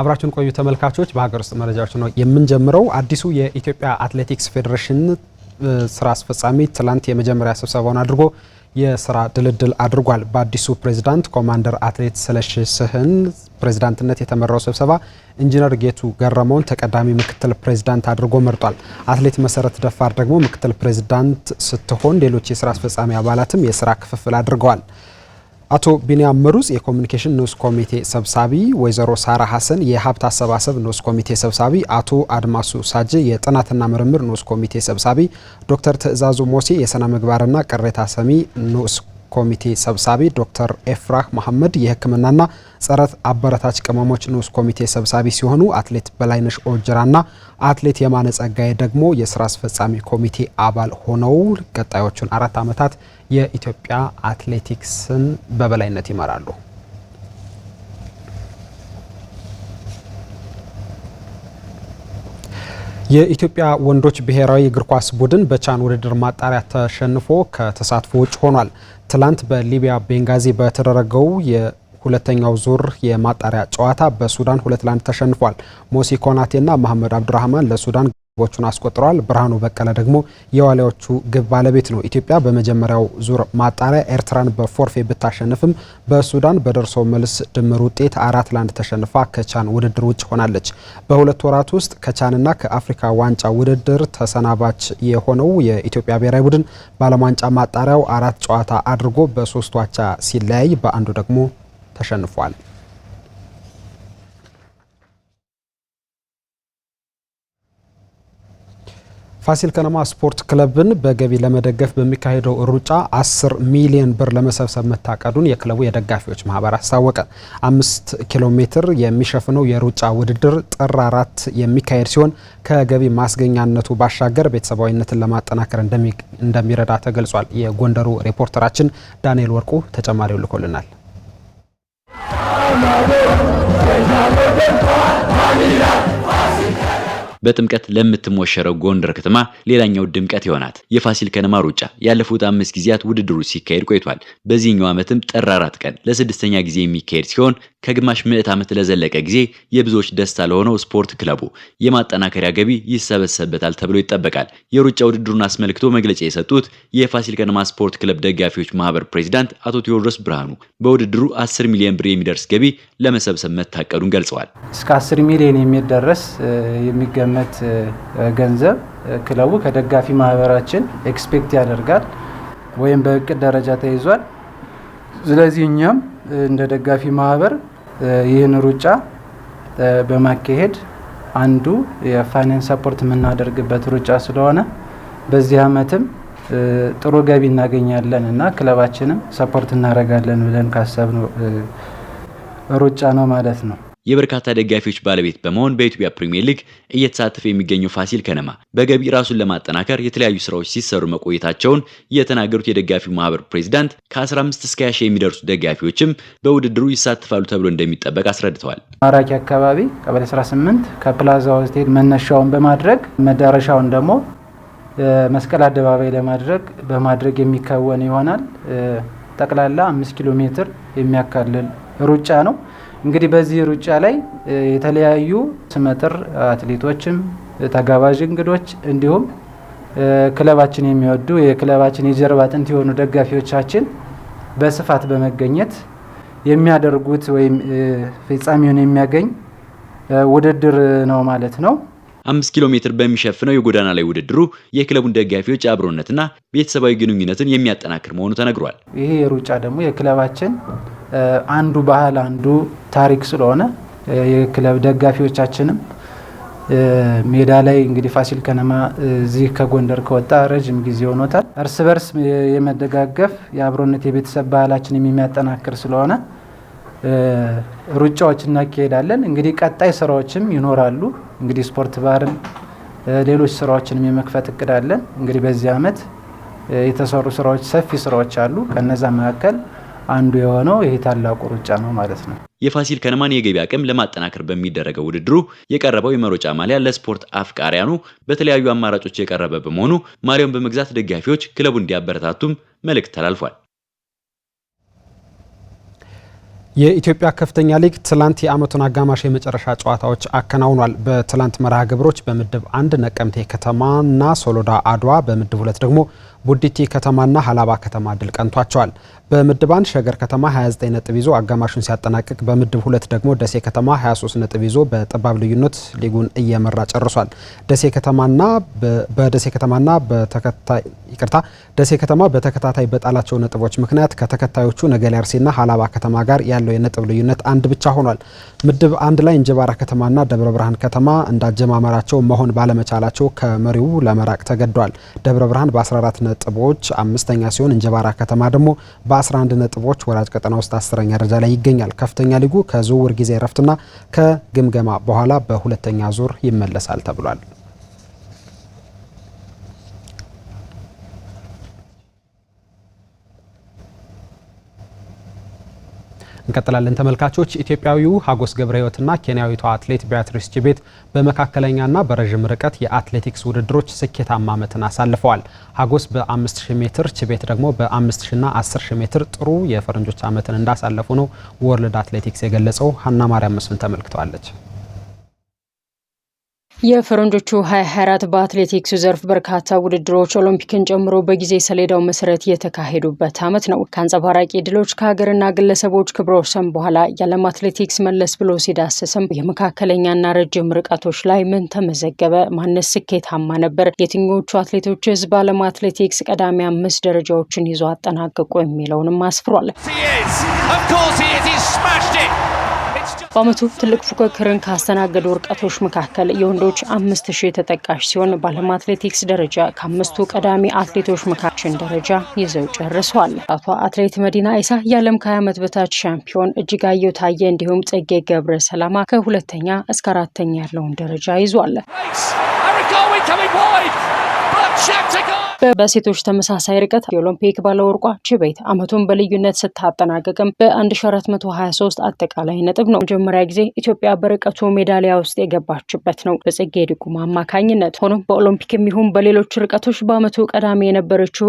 አብራችሁን ቆዩ ተመልካቾች። በሀገር ውስጥ መረጃዎች ነው የምንጀምረው። አዲሱ የኢትዮጵያ አትሌቲክስ ፌዴሬሽን ስራ አስፈጻሚ ትላንት የመጀመሪያ ስብሰባውን አድርጎ የስራ ድልድል አድርጓል። በአዲሱ ፕሬዝዳንት ኮማንደር አትሌት ስለሺ ስህን ፕሬዝዳንትነት የተመራው ስብሰባ ኢንጂነር ጌቱ ገረመውን ተቀዳሚ ምክትል ፕሬዝዳንት አድርጎ መርጧል። አትሌት መሰረት ደፋር ደግሞ ምክትል ፕሬዝዳንት ስትሆን ሌሎች የስራ አስፈጻሚ አባላትም የስራ ክፍፍል አድርገዋል። አቶ ቢንያም ምሩጽ የኮሚኒኬሽን ንዑስ ኮሚቴ ሰብሳቢ፣ ወይዘሮ ሳራ ሀሰን የሀብት አሰባሰብ ንዑስ ኮሚቴ ሰብሳቢ፣ አቶ አድማሱ ሳጅ የጥናትና ምርምር ንዑስ ኮሚቴ ሰብሳቢ፣ ዶክተር ትእዛዙ ሞሴ የስነ ምግባርና ቅሬታ ሰሚ ንዑስ ኮሚቴ ሰብሳቢ፣ ዶክተር ኤፍራህ መሐመድ የሕክምናና ጸረ አበረታች ቅመሞች ንዑስ ኮሚቴ ሰብሳቢ ሲሆኑ አትሌት በላይነሽ ኦጅራና አትሌት የማነ ጸጋዬ ደግሞ የስራ አስፈጻሚ ኮሚቴ አባል ሆነው ቀጣዮቹን አራት ዓመታት የኢትዮጵያ አትሌቲክስን በበላይነት ይመራሉ። የኢትዮጵያ ወንዶች ብሔራዊ እግር ኳስ ቡድን በቻን ውድድር ማጣሪያ ተሸንፎ ከተሳትፎ ውጭ ሆኗል። ትላንት በሊቢያ ቤንጋዚ በተደረገው ሁለተኛው ዙር የማጣሪያ ጨዋታ በሱዳን ሁለት ለአንድ ተሸንፏል። ሞሲ ኮናቴና መሐመድ አብዱራህማን ለሱዳን ግቦቹን አስቆጥረዋል። ብርሃኑ በቀለ ደግሞ የዋሊያዎቹ ግብ ባለቤት ነው። ኢትዮጵያ በመጀመሪያው ዙር ማጣሪያ ኤርትራን በፎርፌ ብታሸንፍም በሱዳን በደርሶ መልስ ድምር ውጤት አራት ለአንድ ተሸንፋ ከቻን ውድድር ውጭ ሆናለች። በሁለት ወራት ውስጥ ከቻንና ከአፍሪካ ዋንጫ ውድድር ተሰናባች የሆነው የኢትዮጵያ ብሔራዊ ቡድን በዓለም ዋንጫ ማጣሪያው አራት ጨዋታ አድርጎ በሶስቱ አቻ ሲለያይ በአንዱ ደግሞ ተሸንፏል። ፋሲል ከነማ ስፖርት ክለብን በገቢ ለመደገፍ በሚካሄደው ሩጫ 10 ሚሊዮን ብር ለመሰብሰብ መታቀዱን የክለቡ የደጋፊዎች ማህበር አስታወቀ። አምስት ኪሎ ሜትር የሚሸፍነው የሩጫ ውድድር ጥር አራት የሚካሄድ ሲሆን ከገቢ ማስገኛነቱ ባሻገር ቤተሰባዊነትን ለማጠናከር እንደሚረዳ ተገልጿል። የጎንደሩ ሪፖርተራችን ዳንኤል ወርቁ ተጨማሪው ልኮልናል። በጥምቀት ለምትሞሸረው ጎንደር ከተማ ሌላኛው ድምቀት ይሆናት የፋሲል ከነማ ሩጫ ያለፉት አምስት ጊዜያት ውድድሩ ሲካሄድ ቆይቷል። በዚህኛው ዓመትም ጥር አራት ቀን ለስድስተኛ ጊዜ የሚካሄድ ሲሆን ከግማሽ ምዕት ዓመት ለዘለቀ ጊዜ የብዙዎች ደስታ ለሆነው ስፖርት ክለቡ የማጠናከሪያ ገቢ ይሰበሰብበታል ተብሎ ይጠበቃል። የሩጫ ውድድሩን አስመልክቶ መግለጫ የሰጡት የፋሲል ከነማ ስፖርት ክለብ ደጋፊዎች ማህበር ፕሬዚዳንት አቶ ቴዎድሮስ ብርሃኑ በውድድሩ 10 ሚሊዮን ብር የሚደርስ ገቢ ለመሰብሰብ መታቀዱን ገልጸዋል። እስከ 10 ሚሊዮን የሚደረስ የሚገመት ገንዘብ ክለቡ ከደጋፊ ማህበራችን ኤክስፔክት ያደርጋል ወይም በእቅድ ደረጃ ተይዟል። ስለዚህ እኛም እንደ ደጋፊ ማህበር ይህን ሩጫ በማካሄድ አንዱ የፋይናንስ ሰፖርት የምናደርግበት ሩጫ ስለሆነ በዚህ አመትም ጥሩ ገቢ እናገኛለን እና ክለባችንም ሰፖርት እናደርጋለን ብለን ካሰብነው ሩጫ ነው ማለት ነው። የበርካታ ደጋፊዎች ባለቤት በመሆን በኢትዮጵያ ፕሪሚየር ሊግ እየተሳተፈ የሚገኘው ፋሲል ከነማ በገቢ ራሱን ለማጠናከር የተለያዩ ስራዎች ሲሰሩ መቆየታቸውን የተናገሩት የደጋፊው ማህበር ፕሬዚዳንት ከ15 እስከ 20 የሚደርሱ ደጋፊዎችም በውድድሩ ይሳተፋሉ ተብሎ እንደሚጠበቅ አስረድተዋል። ማራኪ አካባቢ ቀበሌ 18 ከፕላዛ ሆስቴል መነሻውን በማድረግ መዳረሻውን ደግሞ መስቀል አደባባይ ለማድረግ በማድረግ የሚከወን ይሆናል። ጠቅላላ አምስት ኪሎ ሜትር የሚያካልል ሩጫ ነው። እንግዲህ በዚህ ሩጫ ላይ የተለያዩ ስመጥር አትሌቶችም ተጋባዥ እንግዶች እንዲሁም ክለባችን የሚወዱ የክለባችን የጀርባ አጥንት የሆኑ ደጋፊዎቻችን በስፋት በመገኘት የሚያደርጉት ወይም ፍጻሜውን የሚያገኝ ውድድር ነው ማለት ነው። አምስት ኪሎ ሜትር በሚሸፍነው የጎዳና ላይ ውድድሩ የክለቡን ደጋፊዎች አብሮነትና ቤተሰባዊ ግንኙነትን የሚያጠናክር መሆኑ ተነግሯል። ይሄ ሩጫ ደግሞ የክለባችን አንዱ ባህል አንዱ ታሪክ ስለሆነ የክለብ ደጋፊዎቻችንም ሜዳ ላይ እንግዲህ ፋሲል ከነማ እዚህ ከጎንደር ከወጣ ረዥም ጊዜ ሆኖታል። እርስ በርስ የመደጋገፍ የአብሮነት የቤተሰብ ባህላችን የሚያጠናክር ስለሆነ ሩጫዎች እናካሄዳለን። እንግዲህ ቀጣይ ስራዎችም ይኖራሉ። እንግዲህ ስፖርት ባርን፣ ሌሎች ስራዎችንም የመክፈት እቅዳለን። እንግዲህ በዚህ አመት የተሰሩ ስራዎች ሰፊ ስራዎች አሉ። ከነዛ መካከል አንዱ የሆነው ይሄ ታላቁ ሩጫ ነው ማለት ነው። የፋሲል ከነማን የገቢ አቅም ለማጠናከር በሚደረገው ውድድሩ የቀረበው የመሮጫ ማሊያ ለስፖርት አፍቃሪያኑ በተለያዩ አማራጮች የቀረበ በመሆኑ ማሊያውን በመግዛት ደጋፊዎች ክለቡ እንዲያበረታቱም መልእክት ተላልፏል። የኢትዮጵያ ከፍተኛ ሊግ ትላንት የአመቱን አጋማሽ የመጨረሻ ጨዋታዎች አከናውኗል። በትላንት መርሃ ግብሮች በምድብ አንድ ነቀምቴ ከተማና ሶሎዳ አድዋ፣ በምድብ ሁለት ደግሞ ቡዲቲ ከተማና ሀላባ ከተማ ድል ቀንቷቸዋል። በምድብ አንድ ሸገር ከተማ 29 ነጥብ ይዞ አጋማሹን ሲያጠናቅቅ፣ በምድብ ሁለት ደግሞ ደሴ ከተማ 23 ነጥብ ይዞ በጠባብ ልዩነት ሊጉን እየመራ ጨርሷል። ደሴ ከተማና በደሴ ከተማና በተከታይ ይቅርታ ደሴ ከተማ በተከታታይ በጣላቸው ነጥቦች ምክንያት ከተከታዮቹ ነገሌ አርሲና ሀላባ ከተማ ጋር ያለው ያለው የነጥብ ልዩነት አንድ ብቻ ሆኗል። ምድብ አንድ ላይ እንጅባራ ከተማና ደብረ ብርሃን ከተማ እንዳጀማመራቸው መሆን ባለመቻላቸው ከመሪው ለመራቅ ተገደዋል። ደብረ ብርሃን በ14 ነጥቦች አምስተኛ ሲሆን እንጅባራ ከተማ ደግሞ በ11 ነጥቦች ወራጅ ቀጠና ውስጥ አስረኛ ደረጃ ላይ ይገኛል። ከፍተኛ ሊጉ ከዝውውር ጊዜ እረፍትና ከግምገማ በኋላ በሁለተኛ ዙር ይመለሳል ተብሏል። እንቀጥላለን ተመልካቾች። ኢትዮጵያዊው ሀጎስ ገብረ ህይወትና ኬንያዊቷ አትሌት ቢያትሪስ ቺቤት በመካከለኛና በረዥም ርቀት የአትሌቲክስ ውድድሮች ስኬታማ ዓመትን አሳልፈዋል። ሀጎስ በ5000 ሜትር፣ ቺቤት ደግሞ በ5000ና 10000 ሜትር ጥሩ የፈረንጆች ዓመትን እንዳሳለፉ ነው ወርልድ አትሌቲክስ የገለጸው። ሀና ማርያም መስፍን ተመልክተዋለች። የፈረንጆቹ 2024 በአትሌቲክሱ ዘርፍ በርካታ ውድድሮች ኦሎምፒክን ጨምሮ በጊዜ ሰሌዳው መሰረት የተካሄዱበት ዓመት ነው። ከአንጸባራቂ ድሎች ከሀገርና ግለሰቦች ክብረ ወሰን በኋላ የዓለም አትሌቲክስ መለስ ብሎ ሲዳስስም የመካከለኛና ረጅም ርቀቶች ላይ ምን ተመዘገበ? ማነስ ስኬታማ ነበር? የትኞቹ አትሌቶችስ በዓለም አትሌቲክስ ቀዳሚ አምስት ደረጃዎችን ይዞ አጠናቅቁ? የሚለውንም አስፍሯል። በአመቱ ትልቅ ፉክክርን ካስተናገዱ ርቀቶች መካከል የወንዶች አምስት ሺህ ተጠቃሽ ሲሆን በዓለም አትሌቲክስ ደረጃ ከአምስቱ ቀዳሚ አትሌቶች መካከል ደረጃ ይዘው ጨርሰዋል። አቷ አትሌት መዲና ኢሳ የዓለም ከ20 ዓመት በታች ሻምፒዮን፣ እጅጋየሁ ታየ እንዲሁም ጽጌ ገብረ ሰላማ ከሁለተኛ እስከ አራተኛ ያለውን ደረጃ ይዟል። በሴቶች ተመሳሳይ ርቀት የኦሎምፒክ ባለወርቋ ችቤት አመቱን በልዩነት ስታጠናቀቅም በ1423 አጠቃላይ ነጥብ ነው መጀመሪያ ጊዜ ኢትዮጵያ በርቀቱ ሜዳሊያ ውስጥ የገባችበት ነው በጽጌ ድጉማ አማካኝነት። ሆኖም በኦሎምፒክ የሚሆን በሌሎች ርቀቶች በአመቱ ቀዳሚ የነበረችው